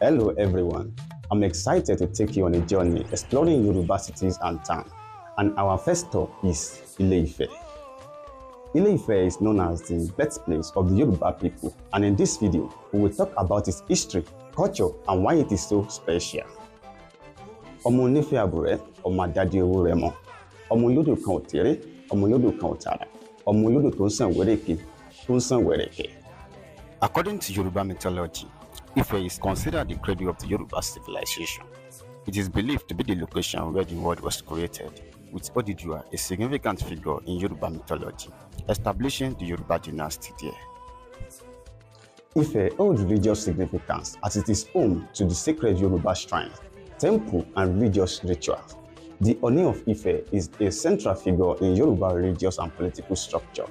Hello everyone, I'm excited to take you on a journey exploring universities and town, and our first stop is Ile-Ife. Ile-Ife is known as the birthplace of the Yoruba people and in this video, we will talk about its history, culture and why it is so special. Omo onífẹ́ àbúrẹ́, ọmọ àdáde owó rẹ̀ mọ́, ọmọ omo kan ò tèrè, ọmọ olódò kan ò tààrà, ọmọ olódò tó ń sàn According to Yoruba mythology, Ife is considered the cradle of the Yoruba civilization. It is believed to be the location where the world was created, with Odidua a significant figure in Yoruba mythology, establishing the Yoruba dynasty there. Ife holds religious significance as it is home to the sacred Yoruba shrine, temple and religious rituals. The Oni of Ife is a central figure in Yoruba religious and political structure,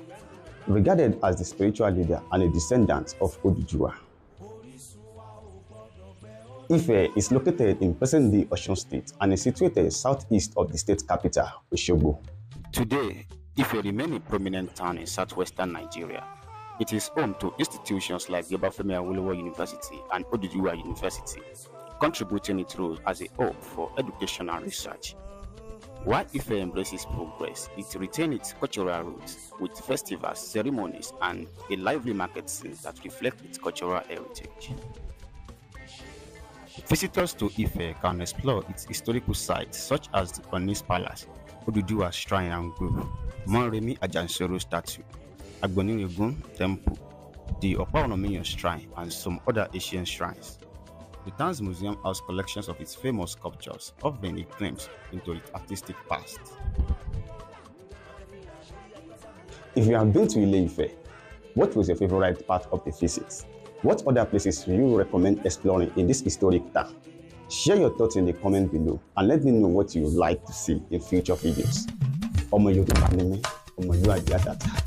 regarded as the spiritual leader and a descendant of Odidua. Ife is located in present-day Osun State and is situated southeast of the state capital, Osogbo. Today, Ife remains a prominent town in southwestern Nigeria. It is home to institutions like Yobafemi Awolowo University and Oduduwa University, contributing its role as a hub for educational research. While Ife embraces progress, it retains its cultural roots with festivals, ceremonies, and a lively market scene that reflect its cultural heritage. Visitors to Ife can explore its historical sites such as the Onis Palace, Oduduwa Shrine and Grove, Monremi Ajansoro Statue, Agbonirigun Temple, the Opaonomiyan Shrine, and some other Asian shrines. The town's museum has collections of its famous sculptures, offering a glimpse into its artistic past. If you are been to Ile Ife, what was your favorite part of the visit? What other places do you recommend exploring in this historic town? Share your thoughts in the comment below and let me know what you'd like to see in future videos. Ọmọ Yorùbá ni